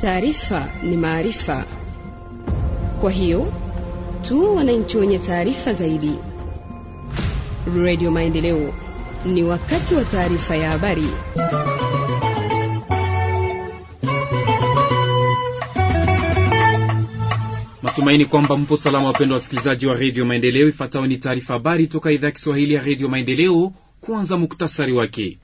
Taarifa ni maarifa, kwa hiyo tu wananchi wenye taarifa zaidi. Radio Maendeleo, ni wakati wa taarifa ya habari. matumaini kwamba mpo salama, wapendwa wasikilizaji wa redio Maendeleo. Ifuatayo ni taarifa habari toka idhaa ya Kiswahili ya redio Maendeleo. Kwanza muktasari wake.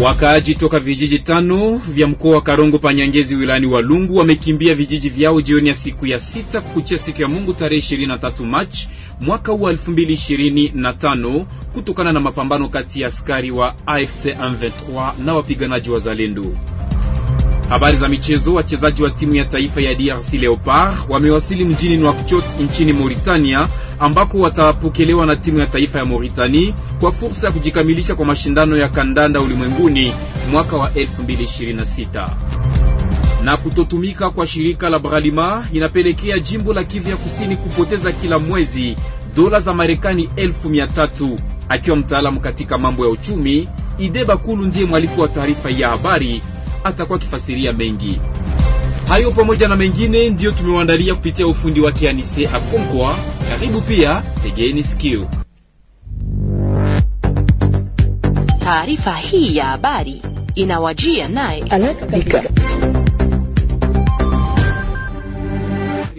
Wakaaji toka vijiji tano vya mkoa wa Karongo Panyangezi wilani Walungu wamekimbia vijiji vyao jioni ya siku ya sita kukuchia siku ya Mungu tarehe 23 Machi mwaka wa 2025 kutokana na mapambano kati ya askari wa AFC M23 na wapiganaji wa Zalendo. Habari za michezo. Wachezaji wa timu ya taifa ya DRC Leopard wamewasili mjini Nouakchott nchini Mauritania, ambako watapokelewa na timu ya taifa ya Mauritani kwa fursa ya kujikamilisha kwa mashindano ya kandanda ulimwenguni mwaka wa 2026. Na kutotumika kwa shirika la Bralima inapelekea jimbo la Kivu ya Kusini kupoteza kila mwezi dola za Marekani elfu mia tatu. Akiwa mtaalamu katika mambo ya uchumi, Ide Bakulu ndiye mwaliko wa taarifa ya habari atakuwa akifasiria mengi hayo pamoja na mengine ndiyo tumewaandalia kupitia ufundi wa Kianise Akonkwa. Karibu pia, tegeni sikio taarifa hii ya habari inawajia naye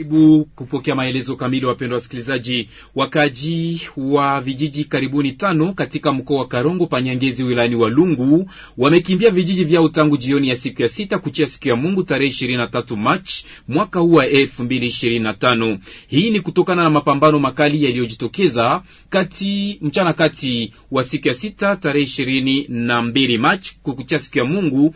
karibu kupokea maelezo kamili, wapendwa wasikilizaji. Wakaji wa vijiji karibuni tano katika mkoa wa Karongo Panyangezi wilani lungu wamekimbia vijiji vyao tangu jioni ya siku ya sita kuchia siku ya Mungu tarehe 23 Machi mwaka huu wa 2025. Hii ni kutokana na mapambano makali yaliyojitokeza kati mchana kati wa siku ya sita tarehe 22 Machi kukuchia siku ya Mungu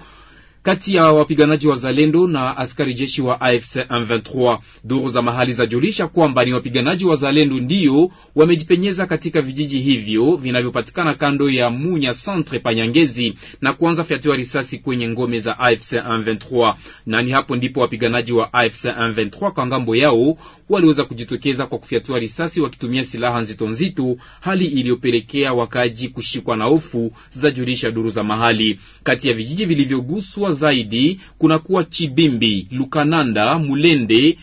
kati ya wapiganaji wa Zalendo na askari jeshi wa AFC M23. Duru za mahali zajulisha kwamba ni wapiganaji wa Zalendo ndiyo wamejipenyeza katika vijiji hivyo vinavyopatikana kando ya Munya Centre Panyangezi na kuanza fyatua risasi kwenye ngome za AFC M23, na ni hapo ndipo wapiganaji wa AFC M23 kwa ngambo yao waliweza kujitokeza kwa kufyatua risasi wakitumia silaha nzito nzito, hali iliyopelekea wakaji kushikwa na hofu, zajulisha duru za mahali. Kati ya vijiji vilivyoguswa zaidi kunakuwa Chibimbi, Lukananda, Mulende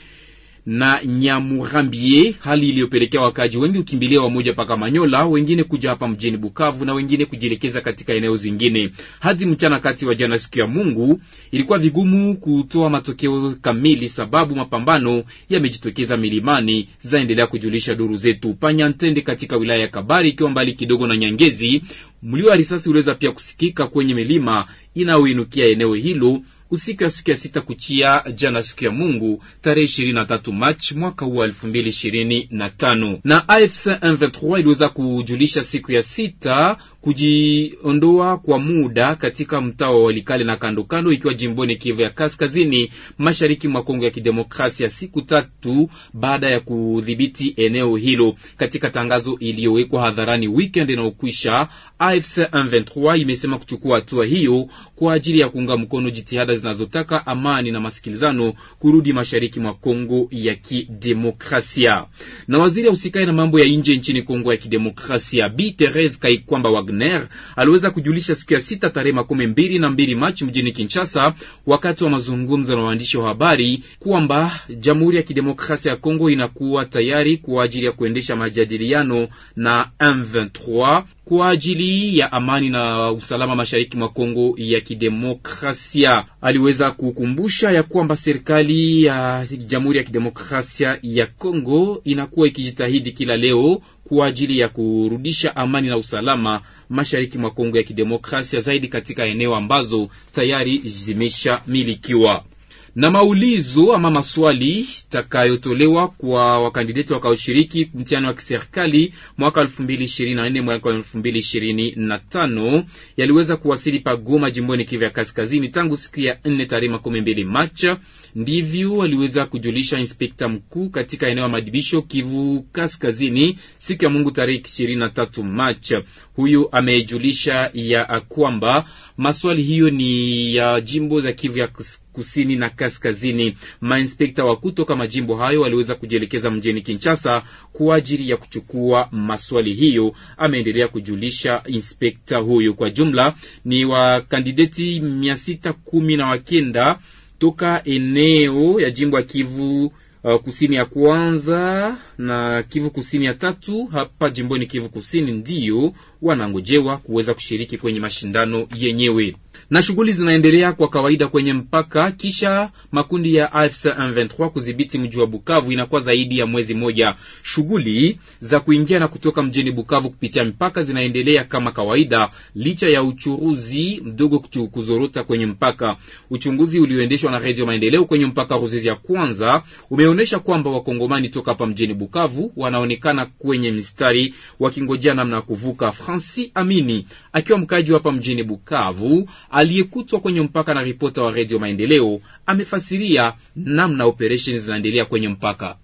na Nyamurambie, hali iliyopelekea wakaaji wengi kukimbilia wamoja paka Manyola, wengine kuja hapa mjini Bukavu na wengine kujielekeza katika eneo zingine. Hadi mchana kati wa jana siku ya Mungu ilikuwa vigumu kutoa matokeo kamili, sababu mapambano yamejitokeza milimani, zaendelea kujulisha duru zetu. Panyantende katika wilaya ya Kabari, ikiwa mbali kidogo na Nyangezi, mlio wa risasi uliweza pia kusikika kwenye milima inayoinukia eneo hilo usiku ya siku ya sita kuchia jana siku ya Mungu tarehe ishirini na tatu Machi mwaka huu elfu mbili ishirini na tano na AFC M23 iliweza kujulisha siku ya sita kujiondoa kwa muda katika mtaa wa Walikale na kandokando, ikiwa jimboni Kivu ya kaskazini mashariki mwa Kongo ya Kidemokrasia, siku tatu baada ya kudhibiti eneo hilo. Katika tangazo iliyowekwa hadharani weekend inayokwisha, AFC M23 imesema kuchukua hatua hiyo kwa ajili ya kuunga mkono jitihada zinazotaka amani na masikilizano kurudi mashariki mwa Kongo ya Kidemokrasia. Na waziri ahusikaye na mambo ya nje nchini Kongo ya Kidemokrasia Bi Therese Kaikwamba Wagner aliweza kujulisha siku ya sita tarehe makumi mbili na mbili Machi mjini Kinshasa wakati wa mazungumzo na waandishi wa habari kwamba Jamhuri ya Kidemokrasia ya Kongo inakuwa tayari kwa ajili ya kuendesha majadiliano na M23 kwa ajili ya amani na usalama mashariki mwa Kongo ya Kidemokrasia aliweza kukumbusha ya kwamba serikali ya Jamhuri ya Kidemokrasia ya Kongo inakuwa ikijitahidi kila leo kwa ajili ya kurudisha amani na usalama mashariki mwa Kongo ya Kidemokrasia, zaidi katika eneo ambazo tayari zimeshamilikiwa na maulizo ama maswali takayotolewa kwa wakandideti wakaoshiriki mtihani wa kiserikali mwaka 2024 mwaka 2025 yaliweza kuwasili pagoma jimboni Kivu ya kaskazini tangu siku ya 4 tarehe 12 Machi. Ndivyo waliweza kujulisha inspekta mkuu katika eneo ya madibisho Kivu kaskazini siku ya Mungu tarehe 23 Machi. Huyu amejulisha ya kwamba maswali hiyo ni ya jimbo za Kivu ya kaskazini kusini na kaskazini. Mainspekta wa kutoka majimbo hayo waliweza kujielekeza mjini Kinshasa kwa ajili ya kuchukua maswali hiyo, ameendelea kujulisha inspekta huyu. Kwa jumla ni wakandideti mia sita kumi na wakenda toka eneo ya jimbo ya Kivu Uh, kusini ya kwanza na Kivu kusini ya tatu hapa jimboni Kivu kusini ndiyo wanangojewa kuweza kushiriki kwenye mashindano yenyewe na shughuli zinaendelea kwa kawaida kwenye mpaka kisha makundi ya AFC M23 kudhibiti mji wa Bukavu inakuwa zaidi ya mwezi moja. Shughuli za kuingia na kutoka mjini Bukavu kupitia mpaka zinaendelea kama kawaida, licha ya uchuruzi mdogo kuzorota kwenye mpaka. Uchunguzi ulioendeshwa na Redio Maendeleo kwenye mpaka Ruzizi ya kwanza umeonyesha kwamba wakongomani toka hapa mjini Bukavu wanaonekana kwenye mistari wakingojea namna ya kuvuka. Francis Amini akiwa mkaaji hapa mjini Bukavu aliyekutwa kwenye mpaka na ripota wa Redio Maendeleo amefasiria namna operesheni zinaendelea kwenye mpaka.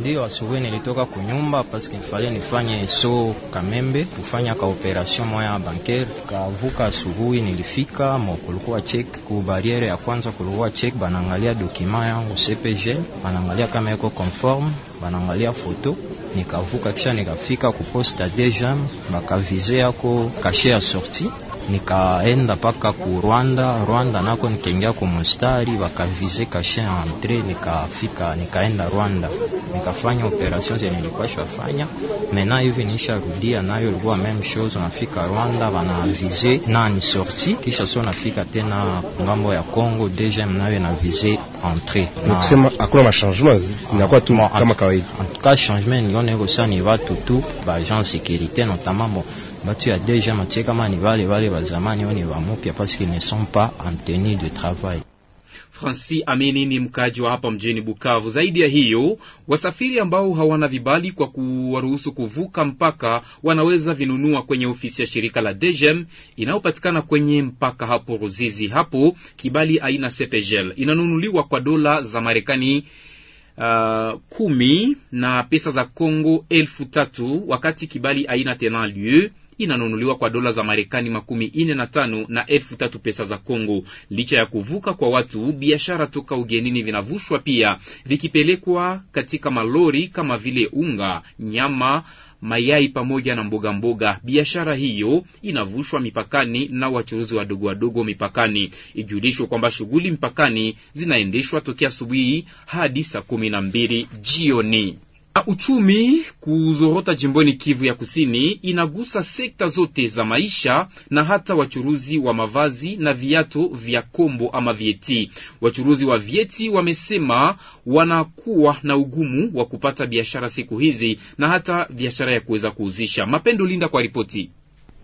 Ndio asubuhi nilitoka kunyumba paske nifalie nifanye so Kamembe kufanya ka operation moya ya banker. Kavuka asubuhi nilifika mo, kulikuwa check ku bariere ya kwanza, kulikuwa check banaangalia dokima yangu CPG, banaangalia kama iko conforme, banaangalia foto. Nikavuka kisha nikafika ku poste deja bakavizea ko kashe ya sortie nikaenda mpaka ku Rwanda. Rwanda nako nikaingia ku mustari, wakavize kashe entre, nikafika nikaenda Rwanda, nikafanya operation zenye nilipashwa fanya mena hivi, nisha rudia nayo ilikuwa meme chose. Nafika Rwanda wanaavize nani sorti, kisha sio nafika tena ngambo ya Congo DGM nayo na vize entrée, na kusema hakuna machangement zinakuwa tu kama kawaida. En tout cas changement nione hivyo ni watu tu ba agents securite notamment batu ya deja matie kama ni bale bale ba zamani oni ba mupya parce qu'ils ne sont pas en tenue de travail. Francis Amini ni mkaji wa hapa mjini Bukavu. Zaidi ya hiyo, wasafiri ambao hawana vibali kwa kuwaruhusu kuvuka mpaka wanaweza vinunua kwenye ofisi ya shirika la Dejem inayopatikana kwenye mpaka hapo Ruzizi. Hapo kibali aina Sepegel inanunuliwa kwa dola za Marekani Uh, kumi na pesa za Kongo elfu tatu wakati kibali aina Tenalieu inanunuliwa kwa dola za Marekani makumi ine na tano na elfu tatu pesa za Kongo. Licha ya kuvuka kwa watu, biashara toka ugenini vinavushwa pia vikipelekwa katika malori kama vile unga, nyama mayai pamoja na mboga mboga. Biashara hiyo inavushwa mipakani na wachuruzi wadogo wadogo mipakani. Ijulishwe kwamba shughuli mpakani zinaendeshwa tokea asubuhi hadi saa kumi na mbili jioni. Uchumi kuzorota jimboni Kivu ya Kusini inagusa sekta zote za maisha na hata wachuruzi wa mavazi na viatu vya kombo ama vieti. Wachuruzi wa vieti wamesema wanakuwa na ugumu wa kupata biashara siku hizi na hata biashara ya kuweza kuuzisha. Mapendo Linda kwa ripoti.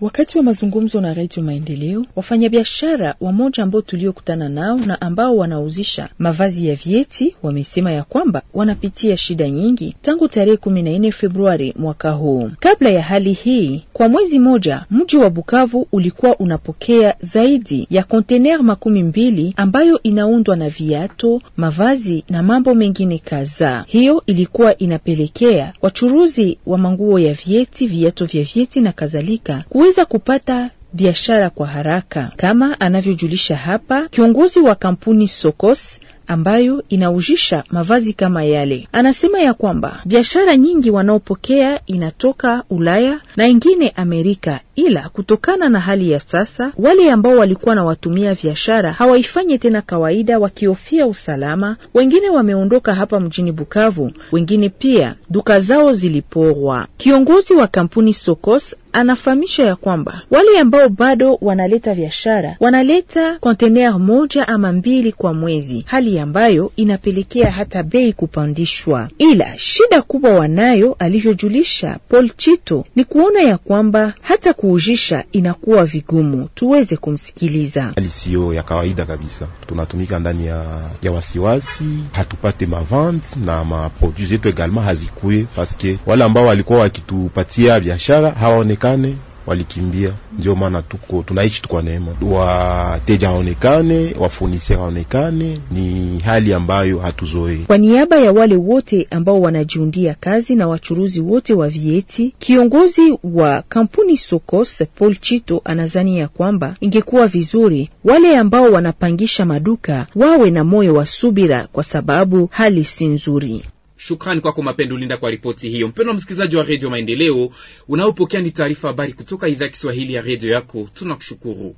Wakati wa mazungumzo na Redio Maendeleo, wafanyabiashara wamoja ambao tuliokutana nao na ambao wanauzisha mavazi ya vieti wamesema ya kwamba wanapitia shida nyingi tangu tarehe kumi na nne Februari mwaka huu. Kabla ya hali hii, kwa mwezi moja mji wa Bukavu ulikuwa unapokea zaidi ya kontener makumi mbili ambayo inaundwa na viato, mavazi na mambo mengine kadhaa. Hiyo ilikuwa inapelekea wachuruzi wa manguo ya vyeti, viato vya vyeti na kadhalika kuweza kupata biashara kwa haraka, kama anavyojulisha hapa kiongozi wa kampuni Sokos ambayo inaujisha mavazi kama yale. Anasema ya kwamba biashara nyingi wanaopokea inatoka Ulaya na ingine Amerika, ila kutokana na hali ya sasa, wale ambao walikuwa na watumia biashara hawaifanye tena kawaida, wakihofia usalama. Wengine wameondoka hapa mjini Bukavu, wengine pia duka zao ziliporwa. Kiongozi wa kampuni Sokos anafahamisha ya kwamba wale ambao bado wanaleta biashara wanaleta kontener moja ama mbili kwa mwezi, hali ambayo inapelekea hata bei kupandishwa. Ila shida kubwa wanayo, alivyojulisha Paul Chito, ni kuona ya kwamba hata kuujisha inakuwa vigumu. Tuweze kumsikiliza. Hali siyo ya kawaida kabisa, tunatumika ndani ya, ya wasiwasi, hatupate mavante na maprodui zetu egalema hazikue paske wale ambao walikuwa wakitupatia biashara hawaone hawaonekane walikimbia. Ndio maana tuko tunaishi tukwa neema, wateja haonekane, wafunisia haonekane, ni hali ambayo hatuzoei. Kwa niaba ya wale wote ambao wanajiundia kazi na wachuruzi wote wa vieti, kiongozi wa kampuni Sokos Paul Chito anazani ya kwamba ingekuwa vizuri wale ambao wanapangisha maduka wawe na moyo wa subira, kwa sababu hali si nzuri. Shukrani kwako Mapendo Linda kwa ripoti hiyo. Mpendwa msikilizaji wa Redio Maendeleo unaopokea ni taarifa habari kutoka idhaa ya Kiswahili ya redio yako, tunakushukuru.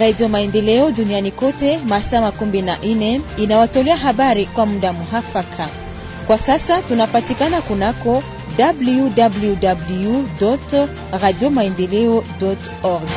Redio Maendeleo duniani kote masaa makumi na nne inawatolea habari kwa muda muhafaka. Kwa sasa tunapatikana kunako www radio maendeleo org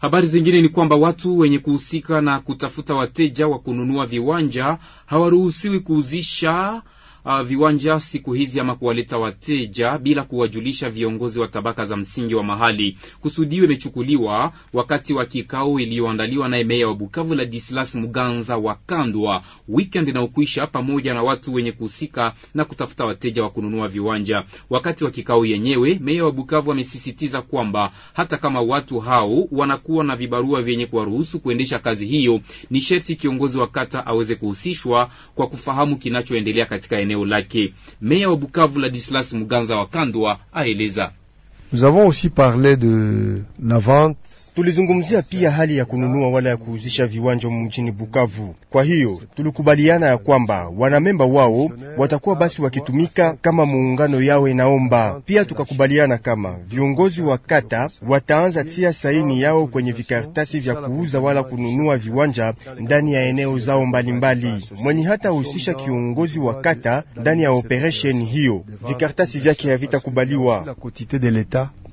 Habari zingine ni kwamba watu wenye kuhusika na kutafuta wateja wa kununua viwanja hawaruhusiwi kuuzisha uh, viwanja siku hizi ama kuwaleta wateja bila kuwajulisha viongozi wa tabaka za msingi wa mahali. Kusudio imechukuliwa wakati wa kikao iliyoandaliwa naye meya wa Bukavu Ladislas Muganza wa Kandwa weekend inayokuisha, pamoja na watu wenye kuhusika na kutafuta wateja wa kununua viwanja. Wakati wa kikao yenyewe, meya wa Bukavu amesisitiza kwamba hata kama watu hao wanakuwa na vibarua vyenye kuwaruhusu kuendesha kazi hiyo, ni sherti kiongozi wa kata aweze kuhusishwa kwa kufahamu kinachoendelea katika eneo eneo lake. Meya wa Bukavu Ladislas Muganza wa Kandwa aeleza. Nous avons aussi parlé de la vente Tulizungumzia pia hali ya kununua wala ya kuuzisha viwanja mjini Bukavu. Kwa hiyo tulikubaliana ya kwamba wanamemba wao watakuwa basi wakitumika kama muungano yao inaomba. Pia tukakubaliana kama viongozi wa kata wataanza tia saini yao kwenye vikaratasi vya kuuza wala kununua viwanja ndani ya eneo zao mbalimbali. Mwenye hata husisha kiongozi wa kata ndani ya operation hiyo, vikaratasi vyake havitakubaliwa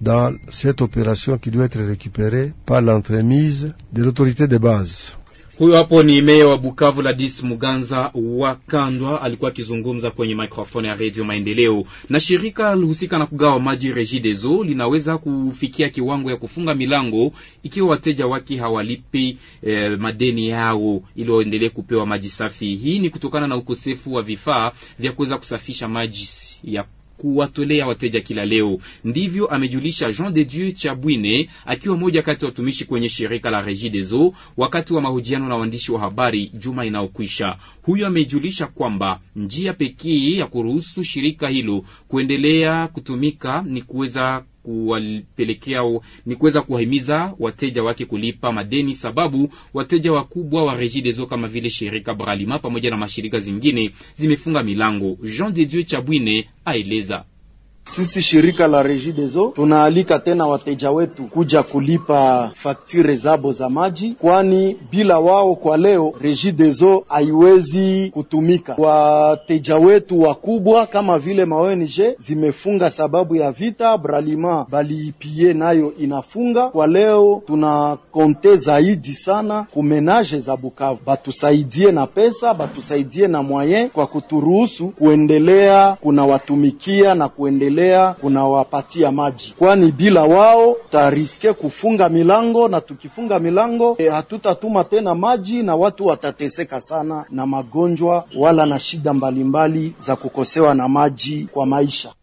dans cette opération qui doit être récupérée par l'entremise de l'autorité de base. Huyo hapo ni meya wa Bukavu Ladis Muganza wa Kandwa, alikuwa akizungumza kwenye mikrofoni ya Radio Maendeleo. Na shirika husika na kugawa maji Regideso linaweza kufikia kiwango ya kufunga milango ikiwa wateja wake hawalipi eh, madeni yao ili waendelee kupewa maji safi. Hii ni kutokana na ukosefu wa vifaa vya kuweza kusafisha maji ya kuwatolea wateja kila leo. Ndivyo amejulisha Jean de Dieu Chabwine akiwa moja kati ya watumishi kwenye shirika la Regideso wakati wa mahojiano na waandishi wa habari juma inayokwisha. Huyo amejulisha kwamba njia pekee ya kuruhusu shirika hilo kuendelea kutumika ni kuweza kuwapelekea ni kuweza kuwahimiza wateja wake kulipa madeni, sababu wateja wakubwa wa Regideso kama vile shirika Bralima pamoja na mashirika zingine zimefunga milango. Jean de Dieu Chabwine aeleza sisi shirika la Regideso tunaalika tena wateja wetu kuja kulipa faktire zabo za maji, kwani bila wao kwa leo Regideso haiwezi kutumika. Wateja wetu wakubwa kama vile maonje zimefunga sababu ya vita, Bralima baliipie nayo inafunga kwa leo. Tuna konte zaidi sana kumenaje za Bukavu, batusaidie na pesa, batusaidie na mwaye kwa kuturuhusu kuendelea kuna watumikia na kuendelea kuendelea kunawapatia maji, kwani bila wao tutariske kufunga milango, na tukifunga milango e, hatutatuma tena maji na watu watateseka sana na magonjwa wala na shida mbalimbali mbali za kukosewa na maji kwa maisha.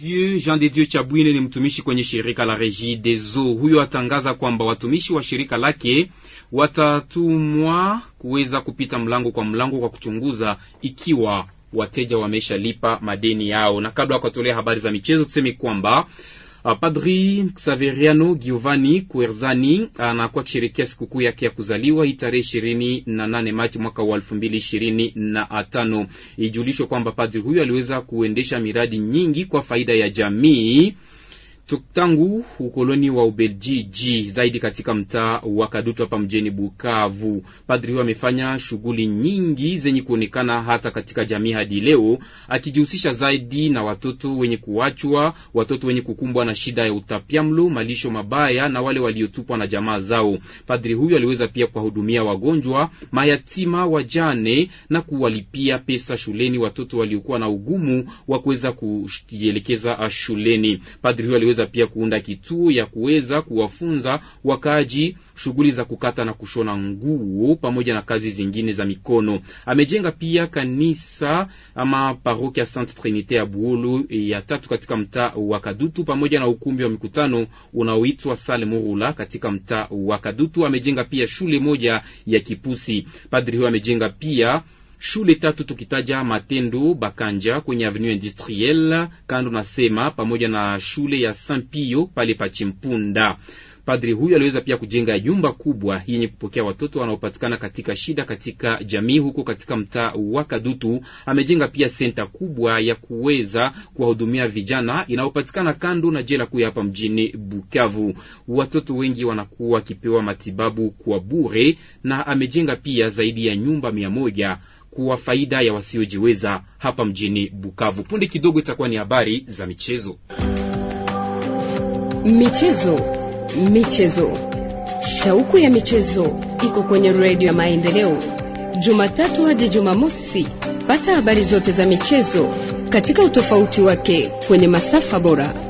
Dieu Jean de Dieu Chabwine ni mtumishi kwenye shirika la Eaux. Huyo atangaza kwamba watumishi wa shirika lake watatumwa kuweza kupita mlango kwa mlango kwa kuchunguza ikiwa wateja wameshalipa madeni yao. Na kabla ya kuwatolea habari za michezo, tuseme kwamba uh, Padri Xaveriano Giovanni Querzani anakuwa akishirikia sikukuu yake ya kuzaliwa hii tarehe ishirini na nane Machi mwaka wa elfu mbili ishirini na tano. Ijulishwe kwamba padri huyo aliweza kuendesha miradi nyingi kwa faida ya jamii tangu ukoloni wa Ubeljiji, zaidi katika mtaa wa Kadutu hapa mjini Bukavu. Padri huyo amefanya shughuli nyingi zenye kuonekana hata katika jamii hadi leo, akijihusisha zaidi na watoto wenye kuachwa, watoto wenye kukumbwa na shida ya utapiamlo, malisho mabaya na wale waliotupwa na jamaa zao. Padri huyo aliweza pia kuwahudumia wagonjwa, mayatima, wajane na kuwalipia pesa shuleni watoto waliokuwa na ugumu wa kuweza kujielekeza shuleni. Padri huyo tuliweza pia kuunda kituo ya kuweza kuwafunza wakaaji shughuli za kukata na kushona nguo pamoja na kazi zingine za mikono. Amejenga pia kanisa ama parokia Sainte Trinite ya Buulu eh, ya tatu katika mtaa wa Kadutu pamoja na ukumbi wa mikutano unaoitwa Sale Murula katika mtaa wa Kadutu. Amejenga pia shule moja ya Kipusi. Padri huyo amejenga pia shule tatu tukitaja Matendo Bakanja kwenye avenue industrielle kando na Sema pamoja na shule ya Sampio pale Pachimpunda. Padri huyu aliweza pia kujenga nyumba kubwa yenye kupokea watoto wanaopatikana katika shida katika jamii huko katika mtaa wa Kadutu. Amejenga pia senta kubwa ya kuweza kuwahudumia vijana inayopatikana kando na jela kuu hapa mjini Bukavu. Watoto wengi wanakuwa wakipewa matibabu kwa bure, na amejenga pia zaidi ya nyumba mia moja kuwa faida ya wasiojiweza hapa mjini Bukavu. Punde kidogo itakuwa ni habari za michezo. Michezo, michezo, shauku ya michezo iko kwenye redio ya Maendeleo, Jumatatu hadi Jumamosi. Pata habari zote za michezo katika utofauti wake kwenye masafa bora.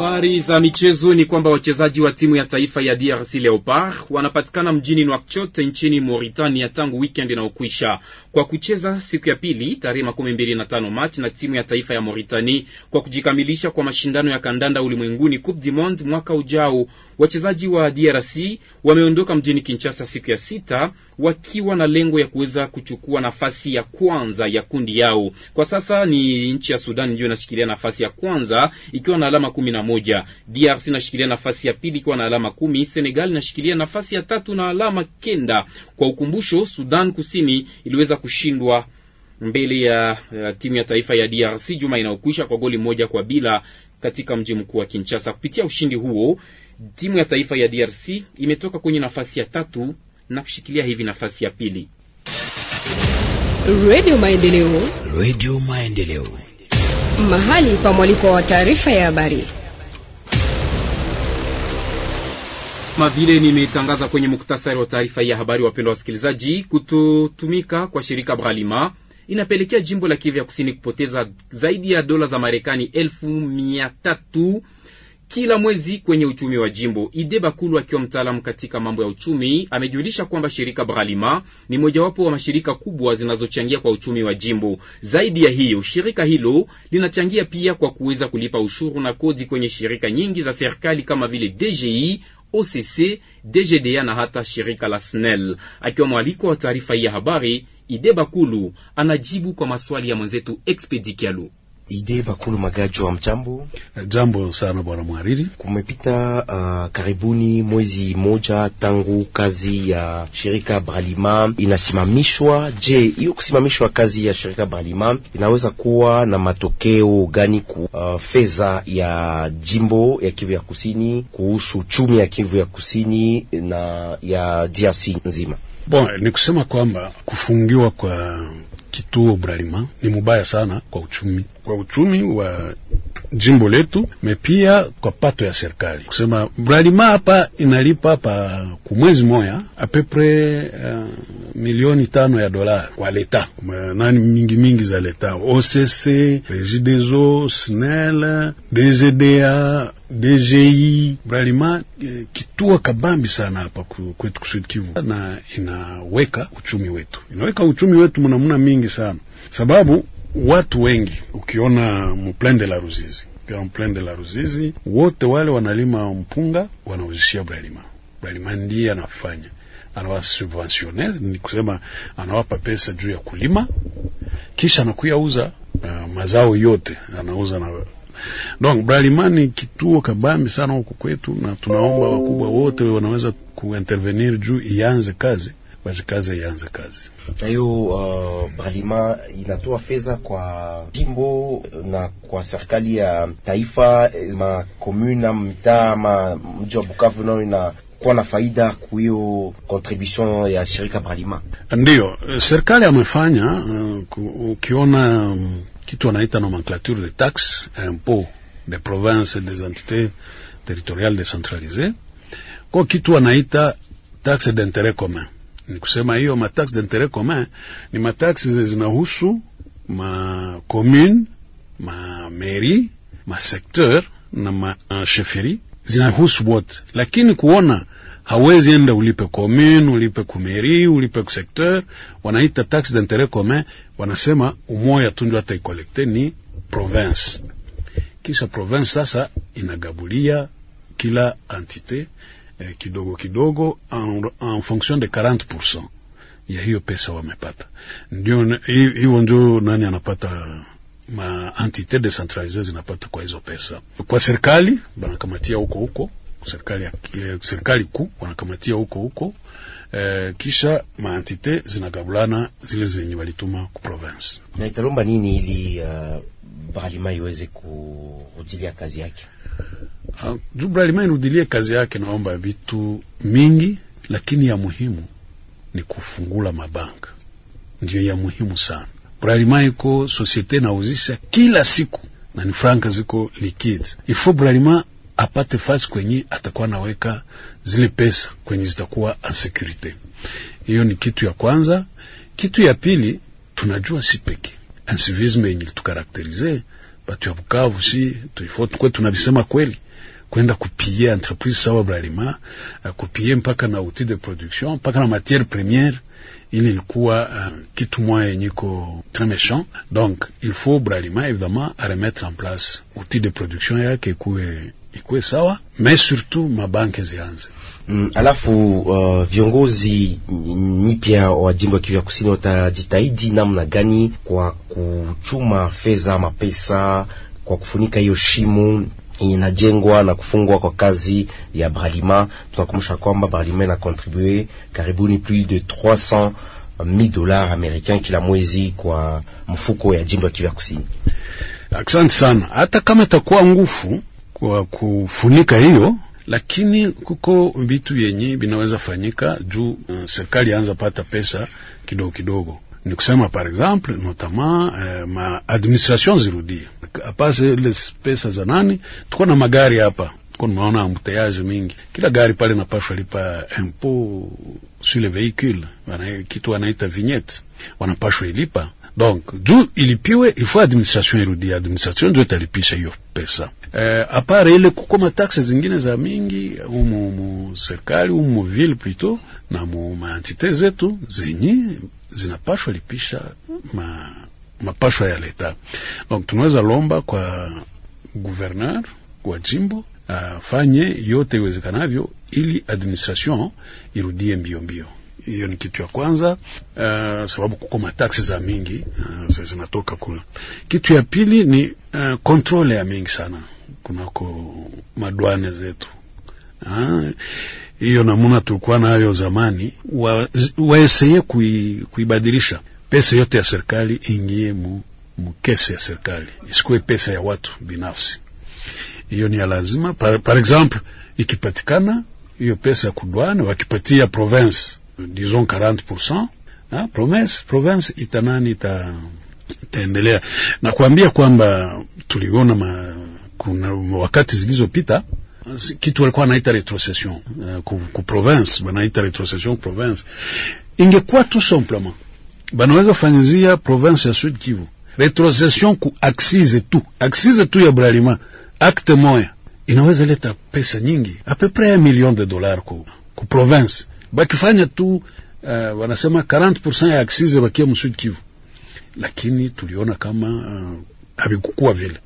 Habari za michezo ni kwamba wachezaji wa timu ya taifa ya DRC Leopard wanapatikana mjini Nouakchott nchini Mauritania tangu weekend inayokwisha kwa kucheza siku ya pili tarehe makumi mbili na tano Machi na timu ya taifa ya Mauritani kwa kujikamilisha kwa mashindano ya kandanda ulimwenguni Coupe du Monde mwaka ujao. Wachezaji wa DRC wameondoka mjini Kinshasa siku ya sita wakiwa na lengo ya kuweza kuchukua nafasi ya kwanza ya kundi yao. Kwa sasa ni nchi ya Sudan ndio inashikilia nafasi ya kwanza ikiwa na alama kumi na moja. DRC inashikilia nafasi ya pili kwa na alama kumi. Senegal inashikilia nafasi ya tatu na alama kenda. Kwa ukumbusho, Sudan Kusini iliweza kushindwa mbele ya uh, timu ya taifa ya DRC juma inayokwisha kwa goli moja kwa bila katika mji mkuu wa Kinshasa. Kupitia ushindi huo, timu ya taifa ya DRC imetoka kwenye nafasi ya tatu na kushikilia hivi nafasi ya pili. Radio Maendeleo, Radio Maendeleo, mahali pa mwaliko wa taarifa ya habari. Kama vile nimetangaza kwenye muktasari wa taarifa ya habari, wapendwa wasikilizaji, kutotumika kwa shirika Bralima inapelekea jimbo la Kivu ya Kusini kupoteza zaidi ya dola za Marekani elfu mia tatu kila mwezi kwenye uchumi wa jimbo. Ide Bakulu akiwa mtaalamu katika mambo ya uchumi amejulisha kwamba shirika Bralima ni mojawapo wa mashirika kubwa zinazochangia kwa uchumi wa jimbo. Zaidi ya hiyo, shirika hilo linachangia pia kwa kuweza kulipa ushuru na kodi kwenye shirika nyingi za serikali kama vile DGI, OCC, DGDA na hata shirika la SNEL. Akiwa mwaliko wa taarifa hii ya habari, Ide Bakulu anajibu kwa maswali ya mwenzetu Expedi Kialu. Ide Bakulu Magajo, wa mchambo. Eh, jambo sana bwana mhariri. Kumepita uh, karibuni mwezi moja tangu kazi ya shirika Bralima inasimamishwa. Je, hiyo kusimamishwa kazi ya shirika Bralima inaweza kuwa na matokeo gani ku uh, fedha ya jimbo ya Kivu ya Kusini kuhusu uchumi ya Kivu ya Kusini na ya DRC nzima? Bon, ni kusema kwamba kufungiwa kwa kituo Bralima ni mubaya sana kwa uchumi kwa uchumi wa jimbo letu, mepia kwa pato ya serikali. Kusema Bralima hapa inalipa pa kumwezi moya apepre uh, milioni tano ya dola kwa leta nani mingi mingi za leta OCC, Regideso, SNEL, DGDA, DGI. Bralima eh, kitua kabambi sana hapa kwetu kusud Kivu, na inaweka uchumi wetu, inaweka uchumi wetu mnamuna mingi sana sababu watu wengi ukiona mplan de la Ruzizi, pia mplan de la Ruzizi, wote wale wanalima mpunga wanauzishia Bralima. Bralima ndiye anafanya anawasubvensione, ni kusema anawapa pesa juu ya kulima, kisha anakuyauza uh, mazao yote anauza na donc Bralima ni kituo kabambi sana huku kwetu, na tunaomba wakubwa wote wanaweza kuintervenir juu ianze kazi bajikaze ianze kazi. Na hiyo uh, parlima inatoa fedha kwa jimbo na kwa serikali ya taifa, eh, makomune ama mitaa ama mji wa Bukavu nao ina kuwa na faida kuyo contribution ya shirika Bralima. Ndiyo eh, serikali amefanya uh, ukiona um, kitu anaita nomenclature de taxe impot de province et des entités territoriales décentralisées, kwa kitu anaita taxe d'intérêt commun ni kusema hiyo mataxe d'interet commun ni matax zinahusu ma commune, ma mairie, ma secteur na ma chefferie, zinahusu wote, lakini kuona hawezi enda ulipe commune, ulipe kumeri, ulipe kusekteur, wanaita tax d'interet commun, wanasema umoya tu ndio ataikolekte ni province. Kisha province sasa inagabulia kila entite eh, kidogo kidogo en, en fonction de 40% ya hiyo pesa wamepata. Ndio hiyo ndio nani anapata ma entité decentralisée zinapata kwa hizo pesa. Kwa serikali banakamatia huko huko, serikali ya serikali kuu wanakamatia huko huko eh, kisha ma zinagabulana zile zenye walituma ku province. Na italomba nini ili uh, ah, Balima iweze kurudilia kazi yake? Uh, ah, Jubralima irudilie kazi yake, naomba vitu mingi, lakini ya muhimu ni kufungula mabanka, ndio ya muhimu sana. Bralima iko societe nauzisha kila siku na ni franka ziko liquid, ifo Bralima apate fasi kwenye atakuwa naweka zile pesa kwenye zitakuwa insecurity. Hiyo ni kitu ya kwanza. Kitu ya pili tunajua si peke incivisme yenye tukarakterize watu ya Bukavu, si tuifo tukwe kweli, kwenda entreprise sawa Bralima, euh, mpaka na outil de production mpaka na matiere premiere ili ilikuwa euh, kitu méchant donc il faut Bralima évidemment remettre en place outil de production yake ikuwe sawa mais surtout mabanke zianze Mm, alafu uh, viongozi mpya wa jimbo ya Kivu ya Kusini watajitahidi namna gani kwa kuchuma fedha mapesa kwa kufunika hiyo shimo inajengwa na kufungwa kwa kazi ya Bralima. Tunakumbusha kwamba Bralima ina contribue karibuni plus de 300 mi dollars americains kila mwezi kwa mfuko ya jimbo ya Kivu ya Kusini. Asante sana. Hata kama itakuwa ngufu kwa kufunika hiyo lakini kuko vitu yenye vinaweza fanyika juu uh, serikali anza pata pesa kidogo kidogo ni kusema par exemple notamment eh, ma administration zirudie apase ile pesa za nani. Tuko na magari hapa, tuko naona ambuteyaji mingi, kila gari pale napashwa lipa impot sur le véhicule, kitu wanaita vignette, wanapashwa ilipa Donc juu ilipiwe, faut administration irudie, administration ndio italipisha hiyo pesa eh, apare ile kukoma taxe zingine za mingi umu mu serikali umu mu ville plutôt na mu maentite zetu zenye zinapashwa lipisha ma, mapashwa ya leta. Donc tunaweza lomba kwa gouverneur wa jimbo afanye yote iwezekanavyo ili administration irudie mbio mbio. Hiyo ni kitu ya kwanza, uh, sababu kuko mataksi za mingi uh, zinatoka kule. Kitu ya pili ni kontrole eh, uh, ya mingi sana kunako madwane zetu ah, hiyo uh, namuna tulikuwa nayo zamani, waeseye wa kuibadilisha kui pesa yote ya serikali ingie mu, mu ya serikali, isikuwe pesa ya watu binafsi. Hiyo ni ya lazima. Par, par exemple ikipatikana hiyo pesa ya kudwane wakipatia province disons 40%, na promesse, province itamani ita, itaendelea na kuambia kwamba tuliona ma, kuna wakati zilizopita kitu walikuwa wanaita retrocession uh, ku, ku province banaita retrocession province, ingekuwa tout simplement banaweza fanyizia province ya Sud Kivu retrocession ku axize tu axize tu ya Bralima, acte moya inaweza leta pesa nyingi a peu près un million de dollars ku, ku province bakifanya tu uh, wanasema 40% ya aksize bakia msud Kivu, lakini tuliona kama uh, havikukuwa vile.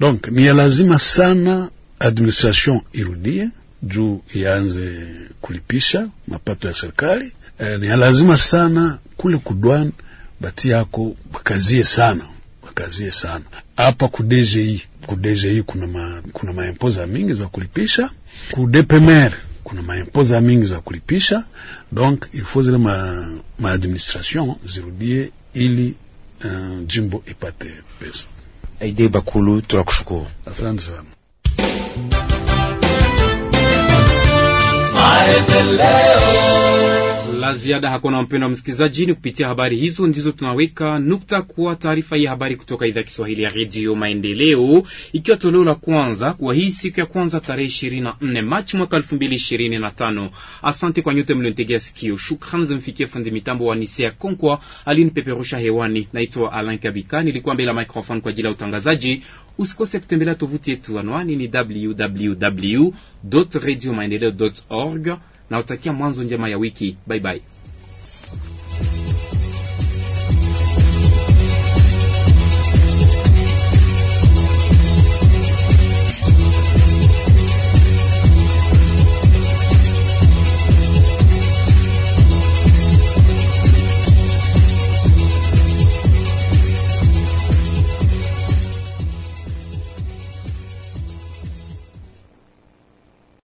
Donc ni lazima sana administration irudie juu ianze kulipisha mapato ya serikali. E, ni lazima sana kule kudwan bati yako bakazie sana, bakazie sana hapa ku DGI. Ku DGI kuna ma, kuna maimpoza mingi za kulipisha ku DPMR kuna maimpoza mingi za kulipisha, donc il faut zile ma, ma administration zirudie ili uh, jimbo ipate pesa. Aide Bakulu, tunakushukuru, asante sana. Maendeleo la ziada hakuna, mpendo wa msikilizaji, ni kupitia habari hizo ndizo tunaweka nukta kwa taarifa ya habari kutoka idhaa ya Kiswahili ya Redio Maendeleo, ikiwa toleo la kwanza kwa hii siku ya kwanza tarehe 24 Machi mwaka 2025. Asante kwa nyote mliontegea sikio. Shukrani zimfikie fundi mitambo wa Nisea Konkwa alinipeperusha hewani. Naitwa Alain Kabika, nilikuwa mbele ya microphone kwa ajili ya utangazaji. Usikose kutembelea tovuti yetu, anwani ni www.radiomaendeleo.org na utakia mwanzo njema ya wiki. Bye bye.